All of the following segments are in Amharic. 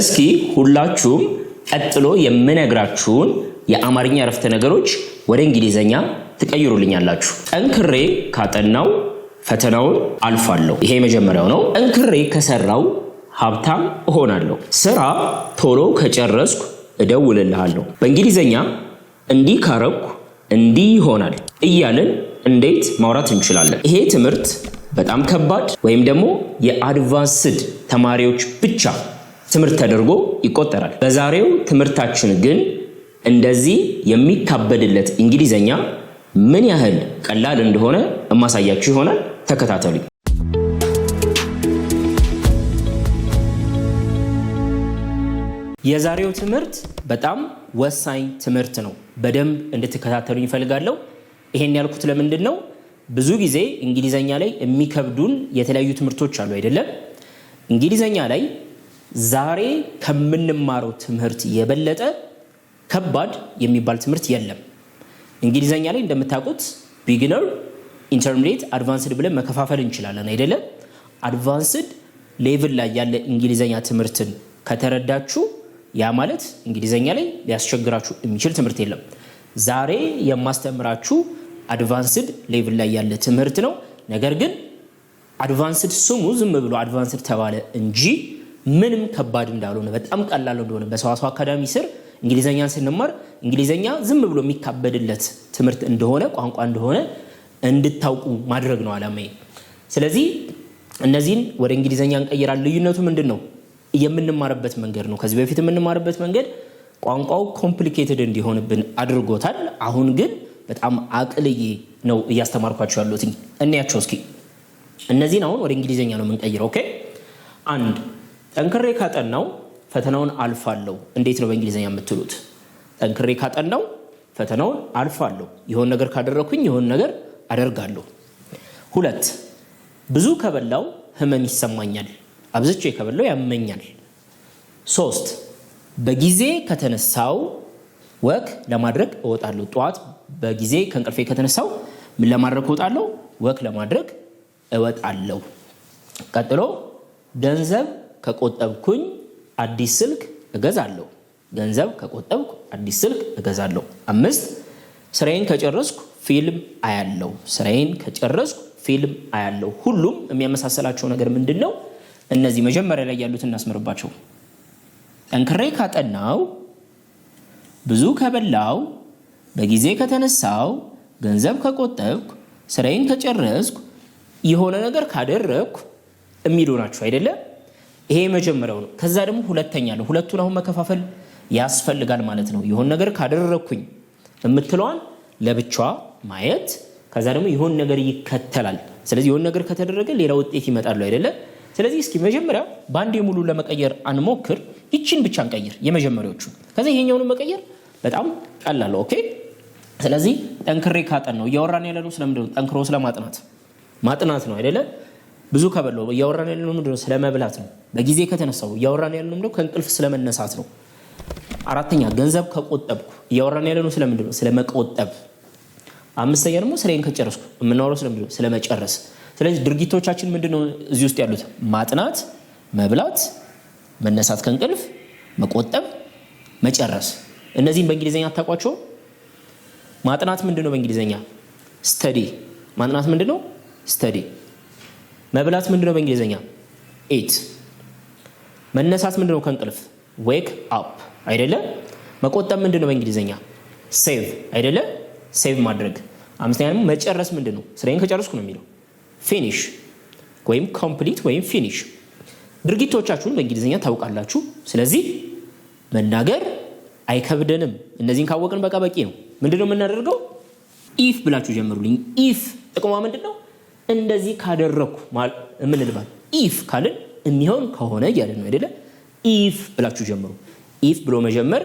እስኪ ሁላችሁም ቀጥሎ የምነግራችሁን የአማርኛ አረፍተ ነገሮች ወደ እንግሊዘኛ ትቀይሩልኛላችሁ። ጠንክሬ ካጠናው ፈተናውን አልፋለሁ። ይሄ የመጀመሪያው ነው። ጠንክሬ ከሰራው ሀብታም እሆናለሁ። ስራ ቶሎ ከጨረስኩ እደውልልሃለሁ። በእንግሊዘኛ እንዲህ ካረኩ እንዲህ ይሆናል እያልን እንዴት ማውራት እንችላለን? ይሄ ትምህርት በጣም ከባድ ወይም ደግሞ የአድቫንስድ ተማሪዎች ብቻ ትምህርት ተደርጎ ይቆጠራል። በዛሬው ትምህርታችን ግን እንደዚህ የሚካበድለት እንግሊዘኛ ምን ያህል ቀላል እንደሆነ የማሳያችሁ ይሆናል። ተከታተሉኝ። የዛሬው ትምህርት በጣም ወሳኝ ትምህርት ነው። በደንብ እንድትከታተሉኝ ይፈልጋለሁ። ይሄን ያልኩት ለምንድን ነው? ብዙ ጊዜ እንግሊዘኛ ላይ የሚከብዱን የተለያዩ ትምህርቶች አሉ አይደለም? እንግሊዘኛ ላይ ዛሬ ከምንማረው ትምህርት የበለጠ ከባድ የሚባል ትምህርት የለም። እንግሊዘኛ ላይ እንደምታውቁት ቢግነር፣ ኢንተርሚዲየት፣ አድቫንስድ ብለን መከፋፈል እንችላለን አይደለም። አድቫንስድ ሌቭል ላይ ያለ እንግሊዘኛ ትምህርትን ከተረዳችሁ ያ ማለት እንግሊዘኛ ላይ ሊያስቸግራችሁ የሚችል ትምህርት የለም። ዛሬ የማስተምራችሁ አድቫንስድ ሌቭል ላይ ያለ ትምህርት ነው። ነገር ግን አድቫንስድ ስሙ ዝም ብሎ አድቫንስድ ተባለ እንጂ ምንም ከባድ እንዳልሆነ በጣም ቀላል እንደሆነ በሰዋሰው አካዳሚ ስር እንግሊዘኛን ስንማር እንግሊዘኛ ዝም ብሎ የሚካበድለት ትምህርት እንደሆነ ቋንቋ እንደሆነ እንድታውቁ ማድረግ ነው ዓላማዬ። ስለዚህ እነዚህን ወደ እንግሊዘኛ እንቀይራል። ልዩነቱ ምንድን ነው? የምንማርበት መንገድ ነው። ከዚህ በፊት የምንማርበት መንገድ ቋንቋው ኮምፕሊኬትድ እንዲሆንብን አድርጎታል። አሁን ግን በጣም አቅልዬ ነው እያስተማርኳቸው ያሉትኝ። እንያቸው እስኪ እነዚህን አሁን ወደ እንግሊዘኛ ነው የምንቀይረው። ኦኬ አንድ ጠንክሬ ካጠናው ፈተናውን አልፋለሁ። እንዴት ነው በእንግሊዝኛ የምትሉት? ጠንክሬ ካጠናው ፈተናውን አልፋለሁ። የሆን ነገር ካደረግኩኝ የሆን ነገር አደርጋለሁ። ሁለት ብዙ ከበላው ህመም ይሰማኛል። አብዝቼ ከበላው ያመኛል። ሶስት በጊዜ ከተነሳው ወክ ለማድረግ እወጣለሁ። ጠዋት በጊዜ ከእንቅልፌ ከተነሳው ምን ለማድረግ እወጣለሁ? ወክ ለማድረግ እወጣለሁ። ቀጥሎ ገንዘብ ከቆጠብኩኝ አዲስ ስልክ እገዛለሁ። ገንዘብ ከቆጠብኩ አዲስ ስልክ እገዛለሁ። አምስት ስራዬን ከጨረስኩ ፊልም አያለው። ስራዬን ከጨረስኩ ፊልም አያለው። ሁሉም የሚያመሳሰላቸው ነገር ምንድን ነው? እነዚህ መጀመሪያ ላይ ያሉት እናስምርባቸው። ጠንክሬ ካጠናው፣ ብዙ ከበላው፣ በጊዜ ከተነሳው፣ ገንዘብ ከቆጠብኩ፣ ስራዬን ከጨረስኩ፣ የሆነ ነገር ካደረግኩ የሚሉ ናቸው አይደለም? ይሄ የመጀመሪያው ነው። ከዛ ደግሞ ሁለተኛ ነው። ሁለቱን አሁን መከፋፈል ያስፈልጋል ማለት ነው። ይሆን ነገር ካደረግኩኝ የምትለዋን ለብቻዋ ማየት ከዛ ደግሞ ይሆን ነገር ይከተላል። ስለዚህ ይሆን ነገር ከተደረገ ሌላ ውጤት ይመጣሉ አይደለ? ስለዚህ እስኪ መጀመሪያ በአንድ የሙሉ ለመቀየር አንሞክር። ይችን ብቻ እንቀይር የመጀመሪያዎቹ። ከዚ ይሄኛውን መቀየር በጣም ቀላል። ኦኬ። ስለዚህ ጠንክሬ ካጠን ነው እያወራን ያለነው ነው። ስለምንድን ነው? ጠንክሮ ስለማጥናት ማጥናት ነው አይደለ? ብዙ ከበሎ እያወራን ያለ ነው ስለመብላት ነው። በጊዜ ከተነሳው እያወራን ያለ ነው ከእንቅልፍ ስለመነሳት ነው። አራተኛ ገንዘብ ከቆጠብኩ እያወራን ያለ ነው ስለምንድን ስለመቆጠብ። አምስተኛ ደግሞ ስራዬን ከጨረስኩ የምናወረው ስለምንድን ስለመጨረስ። ስለዚህ ድርጊቶቻችን ምንድነው ነው እዚህ ውስጥ ያሉት? ማጥናት፣ መብላት፣ መነሳት ከእንቅልፍ፣ መቆጠብ፣ መጨረስ። እነዚህም በእንግሊዝኛ አታውቋቸው። ማጥናት ምንድን ነው? በእንግሊዝኛ ስተዲ። ማጥናት ምንድነው ነው? ስተዲ መብላት ምንድነው በእንግሊዝኛ? ኢት። መነሳት ምንድነው ከእንቅልፍ? ዌክ አፕ አይደለ? መቆጠብ ነው በእንግሊዝኛ? ሴቭ አይደለ? ሴቭ ማድረግ። አምስተኛ ደግሞ መጨረስ ምንድነው? ስራዬን ከጨረስኩ ነው የሚለው ፊኒሽ ወይም ኮምፕሊት ወይም ፊኒሽ። ድርጊቶቻችሁን በእንግሊዝኛ ታውቃላችሁ። ስለዚህ መናገር አይከብደንም። እነዚህን ካወቅን በቃ በቂ ነው። ምንድነው የምናደርገው? ኢፍ ብላችሁ ጀምሩልኝ። ኢፍ ጥቅሟ ምንድን ነው? እንደዚህ ካደረግኩ ምን ልባል? ኢፍ ካልን የሚሆን ከሆነ እያለን ነው አይደለ? ኢፍ ብላችሁ ጀምሩ። ኢፍ ብሎ መጀመር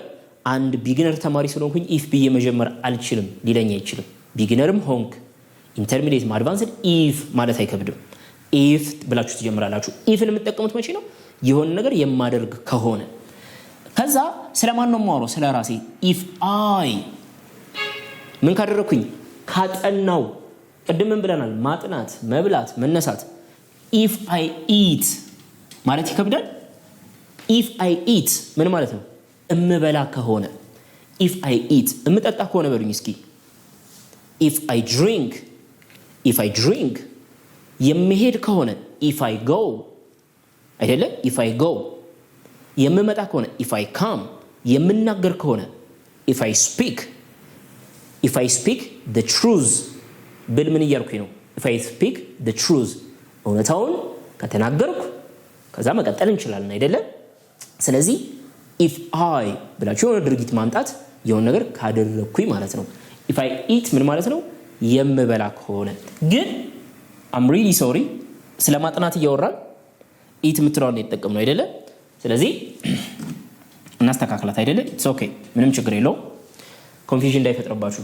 አንድ ቢግነር ተማሪ ስለሆንኩኝ ኢፍ ብዬ መጀመር አልችልም ሊለኝ አይችልም። ቢግነርም ሆንክ ኢንተርሚዲት አድቫንስድ ኢፍ ማለት አይከብድም። ኢፍ ብላችሁ ትጀምራላችሁ። ኢፍን የምጠቀሙት መቼ ነው? የሆነ ነገር የማደርግ ከሆነ ከዛ ስለ ማን ነው የማወራው? ስለ ራሴ። ኢፍ አይ ምን ካደረግኩኝ? ካጠናው ቅድምን ብለናል። ማጥናት፣ መብላት፣ መነሳት። ኢፍ አይ ኢት ማለት ይከብዳል። ኢፍ አይ ኢት ምን ማለት ነው? እምበላ ከሆነ ኢፍ አይ ኢት፣ እምጠጣ ከሆነ በሉኝ እስኪ። ኢፍ አይ ድሪንክ፣ ኢፍ አይ ድሪንክ፣ የምሄድ ከሆነ ኢፍ አይ ጎ አይደለም። ኢፍ አይ ጎ፣ የምመጣ ከሆነ ኢፍ አይ ካም፣ የምናገር ከሆነ ኢፍ አይ ስፒክ፣ ኢፍ አይ ስፒክ ትሩዝ ብል ምን እያልኩኝ ነው? ፌስፒክ አይ ትሩዝ እውነታውን ከተናገርኩ ከዛ መቀጠል እንችላለን አይደለም። ስለዚህ ኢፍ አይ ብላችሁ የሆነ ድርጊት ማምጣት የሆነ ነገር ካደረግኩኝ ማለት ነው። ኢፍ አይ ኢት ምን ማለት ነው? የምበላ ከሆነ ግን አም ሪሊ ሶሪ ስለ ማጥናት እያወራን ኢት የምትለዋን ነው አይደለም። ስለዚህ እናስተካክላት አይደለ ኦኬ ምንም ችግር የለውም። ኮንፊዥን እንዳይፈጥርባችሁ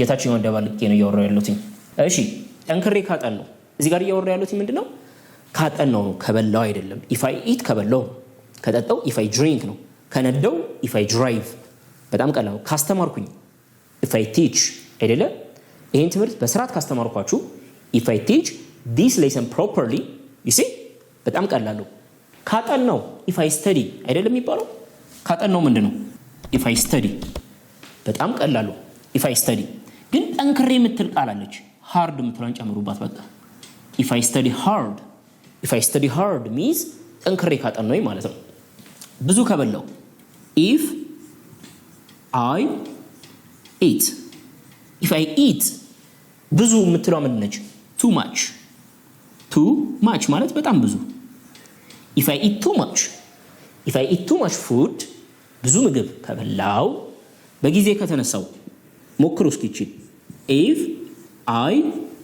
የታችኛውን ደባልቄ ነው እያወራው ያለትኝ? እሺ ጠንክሬ ካጠን ነው እዚህ ጋር እያወራ ያሉት ምንድን ነው? ካጠን ነው ነው ከበላው አይደለም። ኢፋይ ኢት ከበላው ከጠጠው ከጠጣው ኢፋይ ድሪንክ ነው። ከነዳው ኢፋይ ድራይቭ በጣም ቀላል ነው። ካስተማርኩኝ ኢፋይ ቲች አይደለ? ይህን ትምህርት በስርዓት ካስተማርኳችሁ ኢፋይ ቲች ዲስ ሌሰን ፕሮፐርሊ ይሲ በጣም ቀላል ነው። ካጠን ነው ኢፋይ ስተዲ አይደለም የሚባለው። ካጠን ነው ምንድን ነው ኢፋይ ስተዲ በጣም ቀላሉ ኢፋይ ስተዲ ግን ጠንክሬ የምትል ቃላለች ሃርድ የምትለን ጨምሩባት። በቃ ኢፍ አይ ስተዲ ሃርድ ሚንስ ጠንክሬ ካጠናሁኝ ማለት ነው። ብዙ ከበላው ኢፍ አይ ኢት ኢፍ አይ ኢት ብዙ የምትለው ምንድን ነች? ቱ ማች ቱ ማች ማለት በጣም ብዙ። ኢፍ አይ ኢት ቱ ማች ኢፍ አይ ኢት ቱ ማች ፉድ ብዙ ምግብ ከበላው በጊዜ ከተነሳው ሞክሩ እስኪችል ኢፍ አይ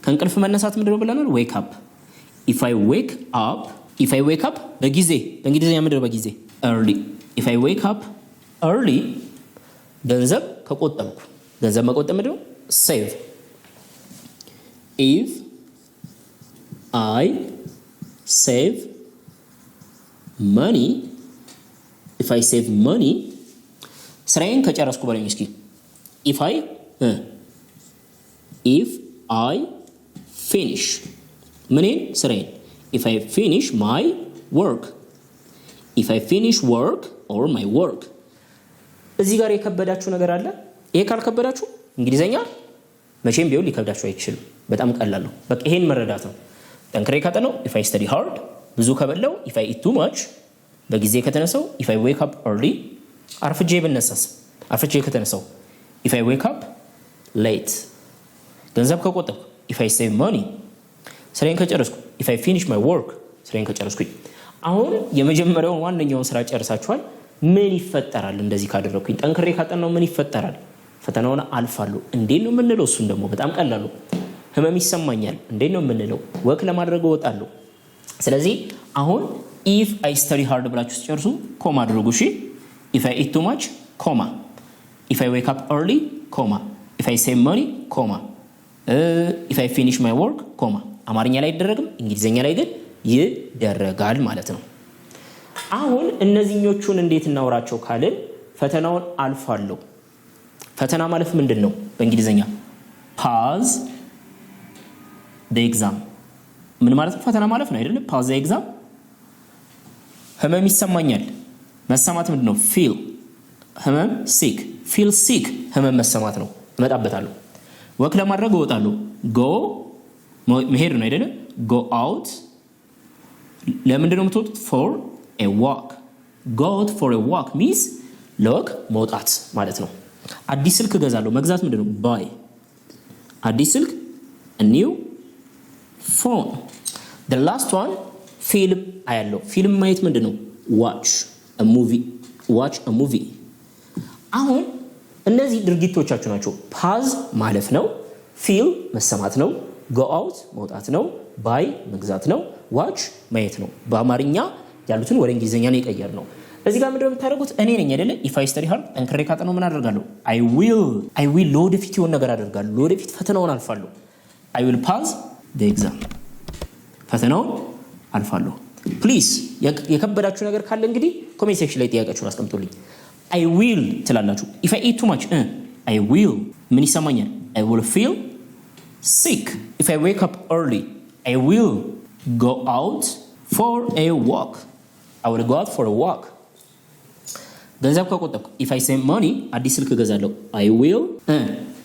ከእንቅልፍ መነሳት ምንድን ነው ብለናል? ዌክ አፕ ኢፍ አይ ዌክ አፕ ኢፍ አይ ዌክ አፕ በጊዜ በእንግሊዝኛ ምንድን ነው በጊዜ ኤርሊ ኢፍ አይ ዌክ አፕ ኤርሊ ገንዘብ ከቆጠብኩ ገንዘብ መቆጠብ ምንድን ነው ሴቭ ኢፍ አይ ሴቭ መኒ ኢፍ አይ ሴቭ መኒ ስራዬን ከጨረስኩ በለኝ እስኪ ኢፍ አይ ኢፍ አይ ፊኒሽ ምንን ስራዬን። ኢፍ አይ ፊኒሽ ማይ ወርክ ኢፍ አይ ፊኒሽ ወርክ ኦር ማይ ወርክ። እዚህ ጋር የከበዳችሁ ነገር አለ? ይሄ ካልከበዳችሁ እንግሊዘኛ መቼም ቢሆን ሊከብዳችሁ አይችልም። በጣም ቀላል ነው። በቃ ይሄን መረዳት ነው። ጠንክሬ ካጠናው ኢፍ አይ ስተዲ ሃርድ፣ ብዙ ከበላው ኢፍ አይ ኢት ቱ ማች፣ በጊዜ ከተነሳው ኢፍ አይ ዌክ አፕ ኤርሊ፣ አርፍጄ ብነሳስ አርፍጄ ከተነሳው ኢፍ አይ ዌክ አፕ ሌት ገንዘብ ከቆጠብኩ ኢፍ አይ ሴቭ ማኒ፣ ስራዬን ከጨረስኩ ኢፍ አይ ፊኒሽ ማይ ወርክ፣ ስራዬን ከጨረስኩኝ። አሁን የመጀመሪያውን ዋነኛውን ስራ ጨርሳችኋል። ምን ይፈጠራል? እንደዚህ ካደረግኩኝ ጠንክሬ ካጠናው ምን ይፈጠራል? ፈተናውን አልፋሉ? እንዴት ነው የምንለው? እሱን ደግሞ በጣም ቀላሉ ህመም ይሰማኛል። እንዴት ነው የምንለው? ወክ ለማድረግ እወጣለሁ። ስለዚህ አሁን ኢፍ አይ ስተዲ ሃርድ ብላችሁ ስጨርሱ ኮማ አድርጉ። እሺ ኢፍ አይ ኢት ቱ ማች ኮማ፣ ኢፍ አይ ዌክ አፕ ኤርሊ ኮማ፣ ኢፍ አይ ሴቭ መኒ ኮማ ኢፍ አይ ፊኒሽ ማይ ወርክ ኮማ አማርኛ ላይ አይደረግም፣ እንግሊዝኛ ላይ ግን ይደረጋል ማለት ነው። አሁን እነዚህኞቹን እንዴት እናውራቸው ካልን ፈተናውን አልፋለሁ። ፈተና ማለፍ ምንድን ነው? በእንግሊዝኛ ፓዝ ደ ምን ማለት ነው? ፈተና ማለፍ ነው አይደለም? ፓዝ ኤግዛም። ህመም ይሰማኛል። መሰማት ምንድን ነው? ፊል ህመም፣ ሲክ ፊል ሲክ፣ ህመም መሰማት ነው። እመጣበታለሁ ወክ ለማድረግ እወጣለሁ። ጎ መሄድ ነው አይደለ? ጎ አውት ለምንድነው ነው የምትወጡት? ፎር ኤ ዋክ። ጎት አውት ፎር ኤ ዋክ ሚንስ ለወክ መውጣት ማለት ነው። አዲስ ስልክ እገዛለሁ። መግዛት ምንድን ነው? ባይ። አዲስ ስልክ ኒው ፎን። ደ ላስት ዋን ፊልም አያለው። ፊልም ማየት ምንድን ነው? ዋች ሙቪ። ዋች ሙቪ አሁን እነዚህ ድርጊቶቻችሁ ናቸው። ፓዝ ማለፍ ነው። ፊል መሰማት ነው። ጎ አውት መውጣት ነው። ባይ መግዛት ነው። ዋች ማየት ነው። በአማርኛ ያሉትን ወደ እንግሊዝኛ ነው የቀየር ነው። እዚህ ጋር ምንድን የምታደርጉት? እኔ ነኝ አይደለ? ኢፍ አይ ስተዲ ሃርድ ጠንክሬ ምን አደርጋለሁ? አይ ዊል አይ ዊል ለወደፊት የሆን ነገር አደርጋለሁ። ለወደፊት ፈተናውን አልፋለሁ። አይ ዊል ፓዝ ዘ ኤግዛም ፈተናውን አልፋለሁ። ፕሊዝ የከበዳችሁ ነገር ካለ እንግዲህ ኮሜንት ሴክሽን ላይ ጥያቄያችሁን አስቀምጡልኝ። አይ ዊል ትላላችሁ። ኢፍ አይ ኢት ቱ ማች አይ ዊል ምን ይሰማኛል? አይ ዊል ፊል ሲክ። ኢፍ አይ ዌክ አፕ ኤርሊ አይ ዊል ጎ አውት ፎር ኤ ዋክ አይ ዊል ጎ አውት ፎር ኤ ዋክ። ገንዘብ ከቆጠብኩ ኢፍ አይ ሴቭ ማኒ አዲስ ስልክ እገዛለሁ። አይ ዊል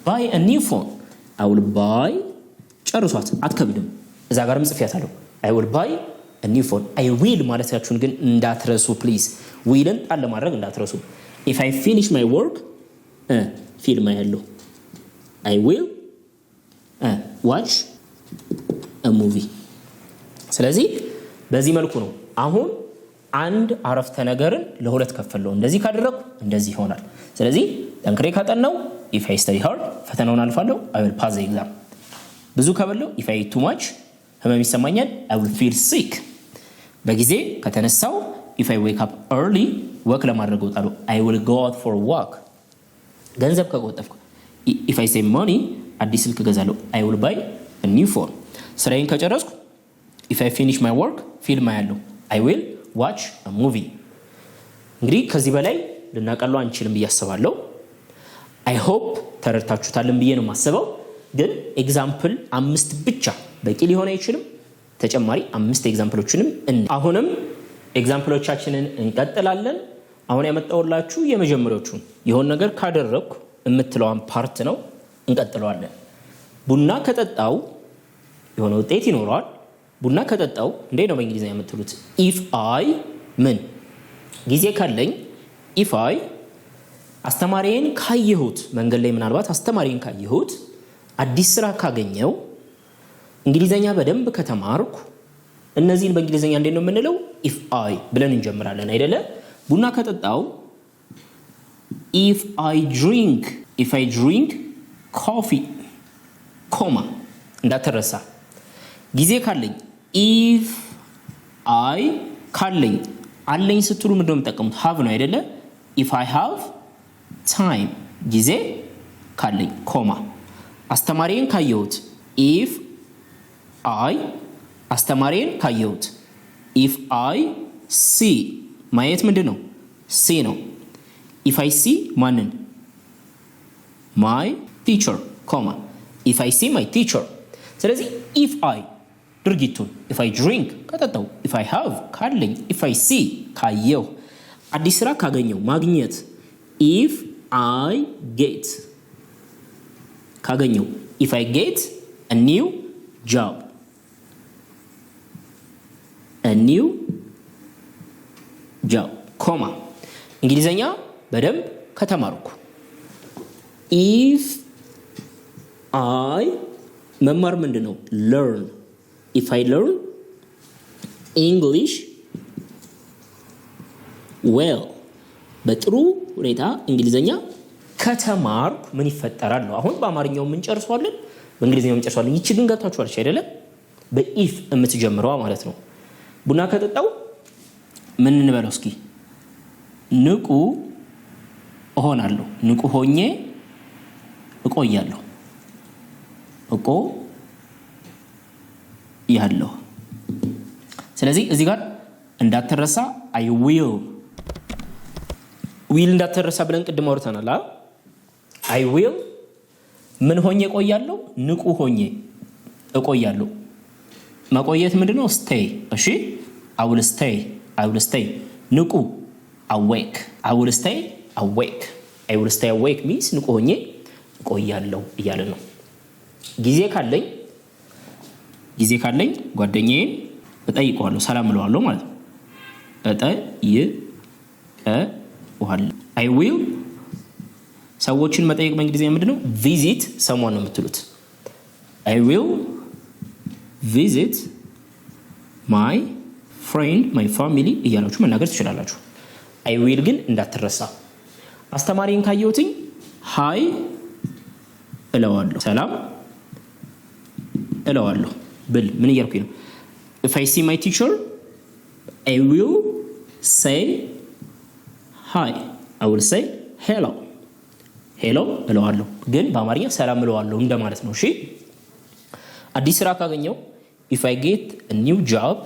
ባይ አ ኒው ፎን አይ ዊል ባይ። ጨርሷት፣ አትከብድም። እዛ ጋርም ጽፌያታለሁ። አይ ዊል ባይ ኒው ፎን። አይ ዊል ማለታችሁን ግን እንዳትረሱ ፕሊዝ። ዊልን ጣል ለማድረግ እንዳትረሱ። ኢፍ አይ ፊኒሽ ማይ ወርክ ፊልም አያለሁ። አይ ዊል ዋች ሙቪ። ስለዚህ በዚህ መልኩ ነው አሁን አንድ አረፍተ ነገርን ለሁለት ከፈለው። እንደዚህ ካደረግኩ እንደዚህ ይሆናል። ስለዚህ ጠንክሬ ካጠናው ኢፍ አይ ስተዲ ሃርድ ፈተናውን አልፋለሁ፣ አይ ዊል ፓስ ኤግዛም። ብዙ ከበለው ኢፍ አይ ቱ ማች ህመም ይሰማኛል፣ አይ ዊል ፊል ሲክ። በጊዜ ከተነሳው ኢፍ አይ ዌክ አፕ ኤርሊ ወክ ለማድረግ ወጣሉ። አይ ዊል ጎ አውት ፎር ዋክ። ገንዘብ ከቆጠፍኩ ኢፍ አይ ሴቭ ሞኒ አዲስ ስልክ እገዛለሁ። አይ ዊል ባይ ኒው ፎን። ስራዬን ከጨረስኩ ኢፍ አይ ፊኒሽ ማይ ወርክ ፊልም አያለሁ። አይ ዊል ዋች ሙቪ። እንግዲህ ከዚህ በላይ ልናቀሉ አንችልም ብዬ አስባለሁ። አይ ሆፕ ተረድታችሁታልን ብዬ ነው የማስበው። ግን ኤግዛምፕል አምስት ብቻ በቂ ሊሆን አይችልም። ተጨማሪ አምስት ኤግዛምፕሎችንም አሁንም ኤግዛምፕሎቻችንን እንቀጥላለን። አሁን ያመጣውላችሁ የመጀመሪያዎቹን የሆን ነገር ካደረግኩ የምትለዋን ፓርት ነው። እንቀጥለዋለን። ቡና ከጠጣው የሆነ ውጤት ይኖረዋል። ቡና ከጠጣው እንዴ ነው በእንግሊዝ የምትሉት? ኢፍ አይ ምን ጊዜ ካለኝ ኢፍ አይ አስተማሪን ካየሁት መንገድ ላይ ምናልባት አስተማሪን ካየሁት፣ አዲስ ስራ ካገኘው፣ እንግሊዘኛ በደንብ ከተማርኩ፣ እነዚህን በእንግሊዘኛ እንዴት ነው የምንለው? ኢፍ አይ ብለን እንጀምራለን አይደለ? ቡና ከጠጣው ኢፍ አይ ድሪንክ ኢፍ አይ ድሪንክ ኮፊ ኮማ እንዳትረሳ። ጊዜ ካለኝ ኢፍ አይ ካለኝ አለኝ ስትሉ ምንድነው የምጠቀሙት? ሀቭ ነው አይደለ? ኢፍ አይ ሀቭ ታይም ጊዜ ካለኝ ኮማ። አስተማሪን ካየሁት ኢፍ አይ አስተማሪን ካየሁት ኢፍ አይ ሲ ማየት ምንድን ነው? ሲ ነው። ኢፍ አይ ሲ ማንን? ማይ ቲቸር ኮማ ኢፍ አይ ሲ ማይ ቲቸር። ስለዚህ ኢፍ አይ ድርጊቱን ኢፍ አይ ድሪንክ ከጠጣው፣ ኢፍ አይ ሃቭ ካለኝ፣ ኢፍ አይ ሲ ካየሁ፣ አዲስ ስራ ካገኘው ማግኘት ኢፍ አይ ጌት ካገኘው ኢፍ አይ ጌት ኒው ጃብ ኒው ጃው ኮማ እንግሊዘኛ በደንብ ከተማርኩ ኢፍ አይ መማር ምንድ ነው? ለርን ኢፍ አይ ለርን ኢንግሊሽ ዌል በጥሩ ሁኔታ እንግሊዘኛ ከተማርኩ ምን ይፈጠራል ነው። አሁን በአማርኛው እንጨርሷለን፣ በእንግሊዝኛው እንጨርሷለን። ይቺ ግን ገብታችኋለች አይደለም? በኢፍ የምትጀምረዋ ማለት ነው። ቡና ከጠጣው ምን እንበለው እስኪ ንቁ እሆናለሁ፣ ንቁ ሆኜ እቆያለሁ፣ እቆ ያለሁ። ስለዚህ እዚህ ጋር እንዳትረሳ አይ ዊል ዊል እንዳትረሳ ብለን ቅድም ወርተናል አይ ዊል ምን ሆኜ እቆያለሁ? ንቁ ሆኜ እቆያለሁ። መቆየት ምንድነው ስቴይ። እሺ አውል ስቴይ I will stay ንቁ awake I will stay awake I will stay awake means ንቁ ሆኜ እቆያለሁ እያለ ነው። ጊዜ ካለኝ ጊዜ ካለኝ ጓደኛዬን እጠይቀዋለሁ፣ ሰላም እለዋለሁ ማለት ነው። እጠይቀዋለሁ I will ሰዎችን መጠየቅ በእንግሊዝኛ ምንድን ነው? ቪዚት ሰሟን ነው የምትሉት። I will visit my ፍሬንድ ማይ ፋሚሊ እያላችሁ መናገር ትችላላችሁ። አይ ዊል ግን እንዳትረሳ። አስተማሪን ካየሁትኝ ሀይ እለዋለሁ፣ ሰላም እለዋለሁ ብል ምን እያልኩኝ ነው? ኢፍ አይ ሲ ማይ ቲቸር አይ ዊል ሴይ ሀይ አይ ዊል ሴይ ሄሎ ሄሎ እለዋለሁ፣ ግን በአማርኛ ሰላም እለዋለሁ እንደማለት ነው። እሺ አዲስ ስራ ካገኘው ኢፍ አይ ጌት ኒው ጃብ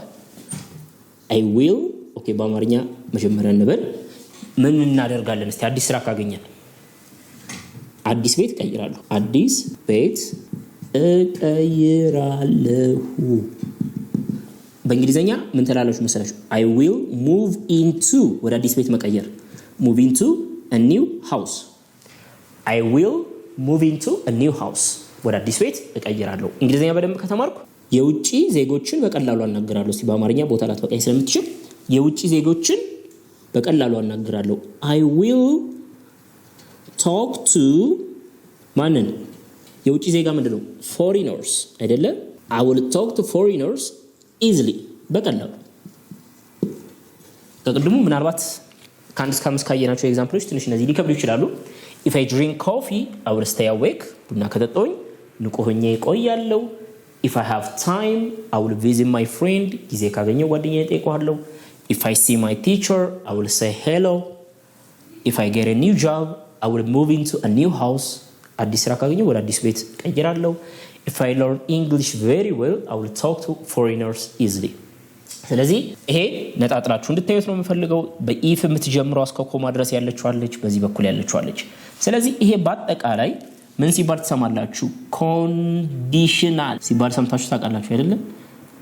አይ ዊል ኦኬ፣ በአማርኛ መጀመሪያ እንበል። ምን እናደርጋለን? እስቲ አዲስ ስራ ካገኘን አዲስ ቤት እቀይራለሁ። አዲስ ቤት እቀይራለሁ። በእንግሊዝኛ ምን ትላለች መሰላችሁ? አይ ዊል ሙቭ ኢንቱ፣ ወደ አዲስ ቤት መቀየር። ሙቭ ኢንቱ ኒው ሃውስ። አይ ዊል ሙቭ ኢንቱ ኒው ሃውስ፣ ወደ አዲስ ቤት እቀይራለሁ። እንግሊዝኛ በደንብ ከተማርኩ የውጭ ዜጎችን በቀላሉ አናግራለሁ። እስቲ በአማርኛ ቦታ ላትበቃኝ ስለምትችል የውጭ ዜጎችን በቀላሉ አናግራለሁ። አይ ዊል ቶክ ቱ ማንን? የውጭ ዜጋ ምንድን ነው? ፎሪነርስ አይደለ? አይ ዊል ቶክ ቱ ፎሪነርስ ኢዝሊ፣ በቀላሉ ከቅድሙ ምናልባት ከአንድ እስከ አምስት ካየናቸው ኤግዛምፕሎች ትንሽ እነዚህ ሊከብዱ ይችላሉ። ኢፍ አይ ድሪንክ ኮፊ አይ ዊል ስቴይ አዌክ፣ ቡና ከጠጣሁኝ ንቁ ሆኜ እቆያለሁ። ኢፍ አይ ሃቭ ታይም አይ ዊል ቪዚት ማይ ፍሬንድ፣ ጊዜ ካገኘው ጓደኛ እጠይቀዋለሁ። ኢፍ አይ ሲ ማይ ቲቸር አይ ዊል ሴይ ሄሎ። ኢፍ አይ ጌት ኒው ጃብ አይ ዊል ሙቭ ኢንቱ ኒው ሃውስ፣ አዲስ ስራ ካገኘው ወደ አዲስ ቤት ቀይራለሁ። ኢፍ አይ ለርን ኢንግሊሽ ቬሪ ዌል አይ ዊል ታክ ቱ ፎሪነርስ ኢዝሊ። ስለዚህ ይሄ ነጣጥላችሁ እንድታዩት ነው የምፈልገው። በኢፍ የምትጀምረው እስከ ኮማ ድረስ ያለችዋለች፣ በዚህ በኩል ያለችዋለች። ስለዚህ ይሄ በአጠቃላይ ምን ሲባል ትሰማላችሁ? ኮንዲሽናል ሲባል ሰምታችሁ ታውቃላችሁ አይደለም?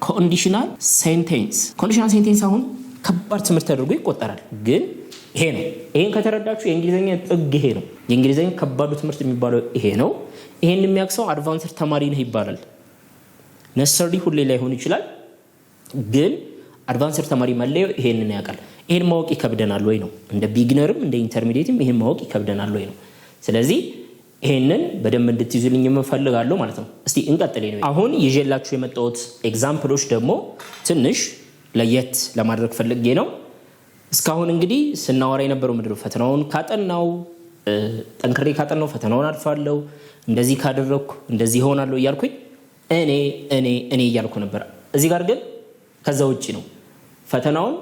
ኮንዲሽናል ሴንቴንስ። ኮንዲሽናል ሴንቴንስ አሁን ከባድ ትምህርት ተደርጎ ይቆጠራል፣ ግን ይሄ ነው። ይሄን ከተረዳችሁ የእንግሊዝኛ ጥግ ይሄ ነው። የእንግሊዝኛ ከባዱ ትምህርት የሚባለው ይሄ ነው። ይሄን የሚያቅሰው አድቫንስድ ተማሪ ነህ ይባላል። ነሰሪ ሁሌ ላይሆን ይችላል፣ ግን አድቫንስድ ተማሪ መለየው ይሄንን ያውቃል። ይሄን ማወቅ ይከብደናል ወይ ነው። እንደ ቢግነርም እንደ ኢንተርሚዲየትም ይሄን ማወቅ ይከብደናል ወይ ነው። ስለዚህ ይሄንን በደንብ እንድትይዙልኝ የምፈልጋለሁ ማለት ነው። እስቲ እንቀጥል። አሁን ይዤላችሁ የመጣሁት ኤግዛምፕሎች ደግሞ ትንሽ ለየት ለማድረግ ፈልጌ ነው። እስካሁን እንግዲህ ስናወራ የነበረው ምድ ፈተናውን ካጠናው ጠንክሬ ካጠናው ፈተናውን አልፋለሁ፣ እንደዚህ ካደረግኩ እንደዚህ ይሆናለሁ እያልኩኝ እኔ እኔ እኔ እያልኩ ነበር። እዚህ ጋር ግን ከዛ ውጭ ነው። ፈተናውን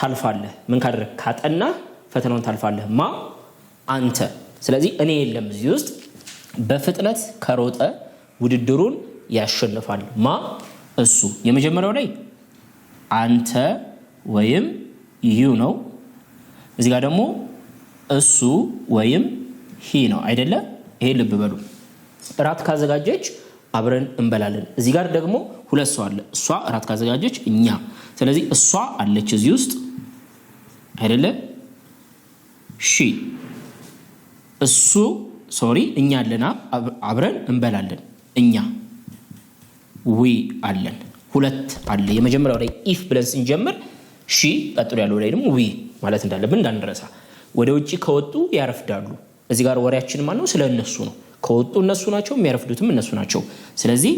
ታልፋለህ። ምን ካደረግ ካጠና ፈተናውን ታልፋለህ። ማ አንተ ስለዚህ እኔ የለም እዚህ ውስጥ በፍጥነት ከሮጠ ውድድሩን ያሸንፋል። ማ እሱ። የመጀመሪያው ላይ አንተ ወይም ዩ ነው። እዚህ ጋር ደግሞ እሱ ወይም ሂ ነው አይደለ? ይሄ ልብ በሉ። እራት ካዘጋጀች አብረን እንበላለን። እዚህ ጋር ደግሞ ሁለት ሰው አለ። እሷ እራት ካዘጋጀች እኛ። ስለዚህ እሷ አለች እዚህ ውስጥ አይደለ? ሺ እሱ ሶሪ እኛ አለና አብረን እንበላለን። እኛ ዊ አለን ሁለት አለ። የመጀመሪያው ላይ ኢፍ ብለን ስንጀምር ሺ፣ ቀጥሎ ያለው ላይ ደግሞ ዊ ማለት እንዳለብን እንዳንረሳ። ወደ ውጭ ከወጡ ያረፍዳሉ። እዚህ ጋር ወሬያችን ማን ነው? ስለ እነሱ ነው። ከወጡ እነሱ ናቸው፣ የሚያረፍዱትም እነሱ ናቸው። ስለዚህ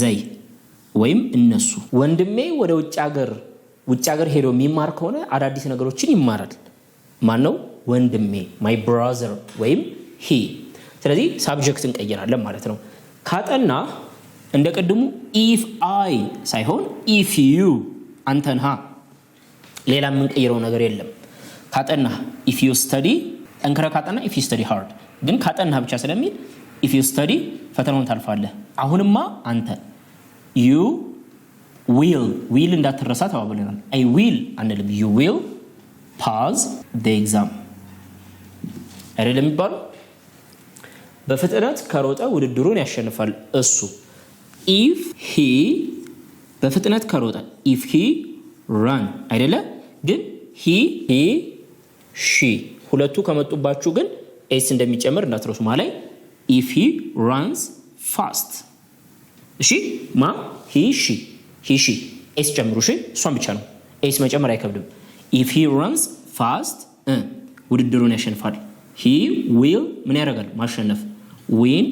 ዘይ ወይም እነሱ። ወንድሜ ወደ ውጭ ሀገር ውጭ ሀገር ሄዶ የሚማር ከሆነ አዳዲስ ነገሮችን ይማራል። ማን ነው? ወንድሜ ማይ ብራዘር ወይም ሂ። ስለዚህ ሳብጀክት እንቀይራለን ማለት ነው። ካጠና እንደ ቅድሙ ኢፍ አይ ሳይሆን ኢፍ ዩ አንተንሃ። ሌላ የምንቀይረው ነገር የለም። ካጠና ኢፍ ዩ ስተዲ ጠንክረ ካጠና ኢፍ ዩ ስተዲ ሃርድ፣ ግን ካጠና ብቻ ስለሚል ኢፍ ዩ ስተዲ ፈተናውን ታልፋለህ። አሁንማ አንተ ዩ ዊል ዊል እንዳትረሳ ተባብለናል። አይ ዊል አንልም። ዩ ዊል ፓዝ ደ ኤግዛም አይደለም የሚባሉ በፍጥነት ከሮጠ ውድድሩን ያሸንፋል እሱ ኢፍ ሂ በፍጥነት ከሮጠ ኢፍ ሂ ራን አይደለ ግን ሂ ሂ ሺ ሁለቱ ከመጡባችሁ ግን ኤስ እንደሚጨምር እንዳትረሱ ማ ላይ ኢፍ ሂ ራንስ ፋስት እሺ ማ ሂ ሺ ሂ ሺ ኤስ ጨምሩ ሺ እሷን ብቻ ነው ኤስ መጨመር አይከብድም ኢፍ ሂ ራንስ ፋስት ውድድሩን ያሸንፋል ሂ ዊል ምን ያደርጋል? ማሸነፍ ዊን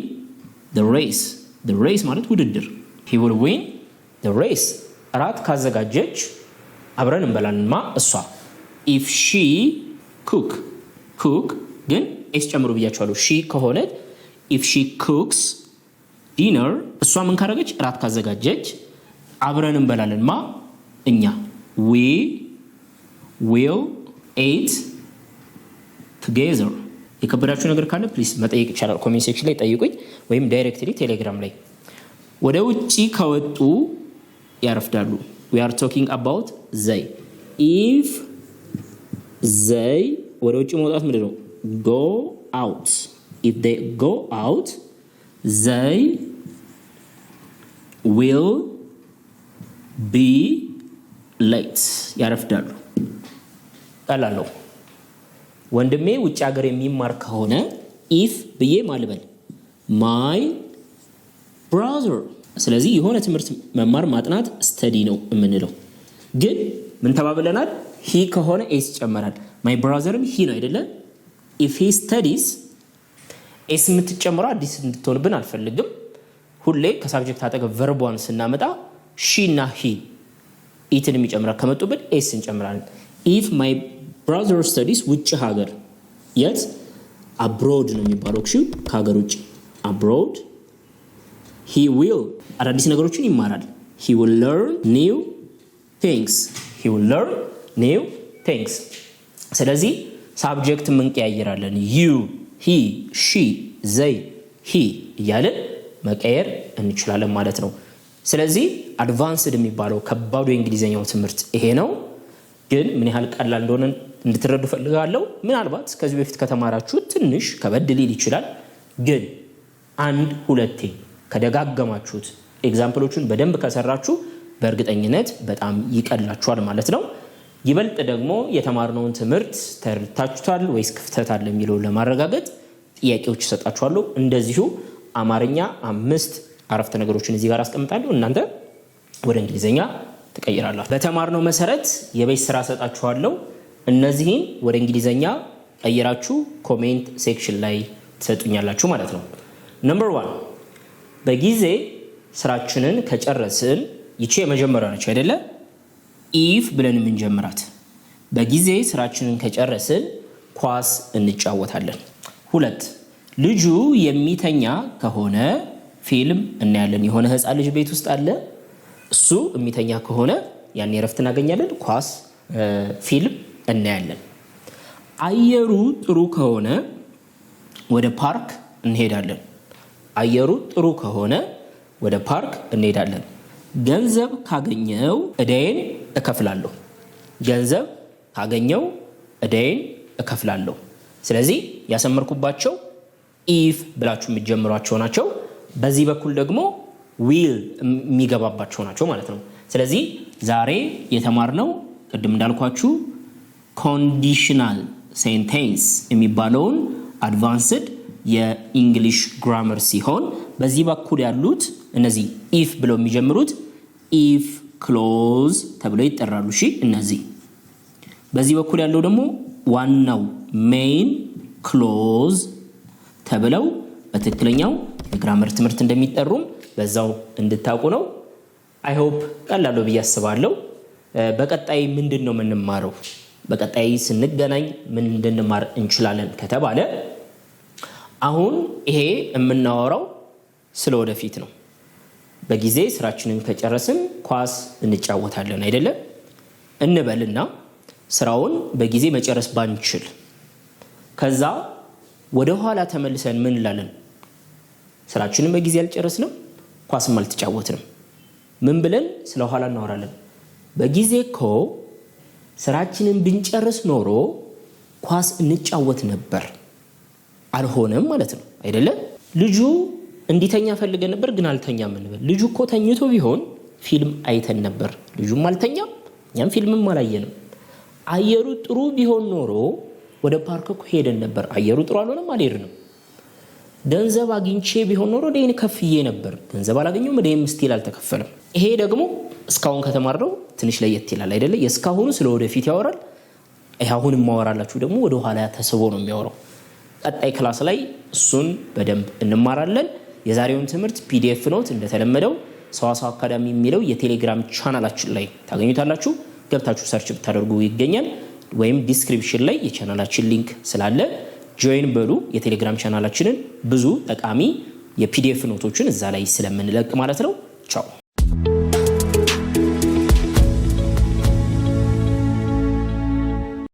ሬስ ሬስ ማለት ውድድር። ሂ ዊል ዊን ሬስ እራት ካዘጋጀች አብረን እንበላንማ እሷ። ኢፍ ሺ ኩክ ኩክ ግን ኤስ ጨምሩ ብያቸዋለሁ። ሺ ከሆነች ኢፍ ሺ ኩክስ ዲነር እሷ ምን ካረገች እራት ካዘጋጀች አብረን እንበላለን። ማ እኛ ዊ ዊል ኤት ቱጌዘር የከበዳችሁ ነገር ካለ ፕሊስ መጠየቅ ይቻላል። ኮሜንት ሴክሽን ላይ ጠይቁኝ፣ ወይም ዳይሬክትሊ ቴሌግራም ላይ። ወደ ውጭ ከወጡ ያረፍዳሉ። ዊ አር ቶኪንግ አባውት ዘይ ኢፍ ዘይ ወደ ውጭ መውጣት ምንድን ነው? ጎ አውት ኢፍ ዘይ ጎ አውት ዘይ ዊል ቢ ሌት ያረፍዳሉ። ቀላለሁ ወንድሜ ውጭ ሀገር የሚማር ከሆነ ኢፍ ብዬ ማልበል ማይ ብራዘር። ስለዚህ የሆነ ትምህርት መማር ማጥናት ስተዲ ነው የምንለው። ግን ምን ተባብለናል? ሂ ከሆነ ኤስ ይጨመራል። ማይ ብራዘርም ሂ ነው አይደለ? ኢፍ ሂ ስተዲስ ኤስ የምትጨምረው አዲስ እንድትሆንብን አልፈልግም። ሁሌ ከሳብጀክት አጠገብ ቨርቧን ስናመጣ ሺ እና ሂ ኢትን የሚጨምራል። ከመጡብን ኤስ እንጨምራለን። ኢፍ ማይ ብራዘር ስተዲስ ውጭ ሀገር የት አብሮድ ነው የሚባለው ክሺው ከሀገር ውጭ አብሮድ ሂ ዊል አዳዲስ ነገሮችን ይማራል ሂ ዊል ለርን ኒው ቲንግስ ሂ ዊል ለርን ኒው ቲንግስ ስለዚህ ሳብጀክት ምንቀያየራለን ዩ ሂ ሺ ዘይ ሂ እያለን መቀየር እንችላለን ማለት ነው ስለዚህ አድቫንስድ የሚባለው ከባዱ የእንግሊዝኛው ትምህርት ይሄ ነው ግን ምን ያህል ቀላል እንደሆነ እንድትረዱ ፈልጋለሁ። ምናልባት ከዚህ በፊት ከተማራችሁ ትንሽ ከበድ ሊል ይችላል፣ ግን አንድ ሁለቴ ከደጋገማችሁት ኤግዛምፕሎቹን በደንብ ከሰራችሁ በእርግጠኝነት በጣም ይቀላችኋል ማለት ነው። ይበልጥ ደግሞ የተማርነውን ትምህርት ተርታችሁታል ወይስ ክፍተት አለ የሚለውን ለማረጋገጥ ጥያቄዎች ይሰጣችኋሉ። እንደዚሁ አማርኛ አምስት አረፍተ ነገሮችን እዚህ ጋር አስቀምጣለሁ። እናንተ ወደ እንግሊዝኛ ትቀይራላችሁ። በተማርነው መሰረት የቤት ስራ እሰጣችኋለሁ። እነዚህን ወደ እንግሊዘኛ ቀይራችሁ ኮሜንት ሴክሽን ላይ ትሰጡኛላችሁ ማለት ነው። ነምበር ዋን በጊዜ ስራችንን ከጨረስን፣ ይቺ የመጀመሪያ ነች አይደለ? ኢፍ ብለን የምንጀምራት በጊዜ ስራችንን ከጨረስን ኳስ እንጫወታለን። ሁለት ልጁ የሚተኛ ከሆነ ፊልም እናያለን። የሆነ ህፃን ልጅ ቤት ውስጥ አለ። እሱ የሚተኛ ከሆነ ያን እረፍት እናገኛለን። ኳስ ፊልም እናያለን። አየሩ ጥሩ ከሆነ ወደ ፓርክ እንሄዳለን። አየሩ ጥሩ ከሆነ ወደ ፓርክ እንሄዳለን። ገንዘብ ካገኘው እዳዬን እከፍላለሁ። ገንዘብ ካገኘው እዳዬን እከፍላለሁ። ስለዚህ ያሰመርኩባቸው ኢፍ ብላችሁ የሚጀምሯቸው ናቸው። በዚህ በኩል ደግሞ ዊል የሚገባባቸው ናቸው ማለት ነው። ስለዚህ ዛሬ የተማርነው ቅድም እንዳልኳችሁ ኮንዲሽናል ሴንቴንስ የሚባለውን አድቫንስድ የኢንግሊሽ ግራመር ሲሆን በዚህ በኩል ያሉት እነዚህ ኢፍ ብለው የሚጀምሩት ኢፍ ክሎዝ ተብለው ይጠራሉ። እሺ እነዚህ በዚህ በኩል ያለው ደግሞ ዋናው ሜይን ክሎዝ ተብለው በትክክለኛው የግራመር ትምህርት እንደሚጠሩም በዛው እንድታውቁ ነው። አይሆፕ ቀላሉ ብዬ አስባለሁ። በቀጣይ ምንድን ነው የምንማረው? በቀጣይ ስንገናኝ ምን እንድንማር እንችላለን ከተባለ አሁን ይሄ የምናወራው ስለ ወደፊት ነው። በጊዜ ስራችንን ከጨረስን ኳስ እንጫወታለን አይደለም እንበልና ስራውን በጊዜ መጨረስ ባንችል ከዛ ወደ ኋላ ተመልሰን ምን እንላለን? ስራችንን በጊዜ አልጨረስንም፣ ኳስም አልተጫወትንም። ምን ብለን ስለ ኋላ እናወራለን? በጊዜ እኮ ስራችንን ብንጨርስ ኖሮ ኳስ እንጫወት ነበር። አልሆነም ማለት ነው አይደለም። ልጁ እንዲተኛ ፈልገን ነበር ግን አልተኛም እንበል። ልጁ እኮ ተኝቶ ቢሆን ፊልም አይተን ነበር። ልጁም አልተኛም፣ እኛም ፊልምም አላየንም። አየሩ ጥሩ ቢሆን ኖሮ ወደ ፓርክ እኮ ሄደን ነበር። አየሩ ጥሩ አልሆነም፣ አልሄድንም። ገንዘብ አግኝቼ ቢሆን ኖሮ ደይን ከፍዬ ነበር። ገንዘብ አላገኘሁም፣ ደይም ስቲል አልተከፈለም። ይሄ ደግሞ እስካሁን ከተማርነው ትንሽ ለየት ይላል አይደለ? የእስካሁኑ ስለ ወደፊት ያወራል። ይህ አሁን የማወራላችሁ ደግሞ ወደኋላ ተስቦ ነው የሚያወራው። ቀጣይ ክላስ ላይ እሱን በደንብ እንማራለን። የዛሬውን ትምህርት ፒዲኤፍ ኖት እንደተለመደው ሰዋሰው አካዳሚ የሚለው የቴሌግራም ቻናላችን ላይ ታገኙታላችሁ። ገብታችሁ ሰርች ብታደርጉ ይገኛል። ወይም ዲስክሪፕሽን ላይ የቻናላችን ሊንክ ስላለ ጆይን በሉ። የቴሌግራም ቻናላችንን ብዙ ጠቃሚ የፒዲኤፍ ኖቶችን እዛ ላይ ስለምንለቅ ማለት ነው። ቻው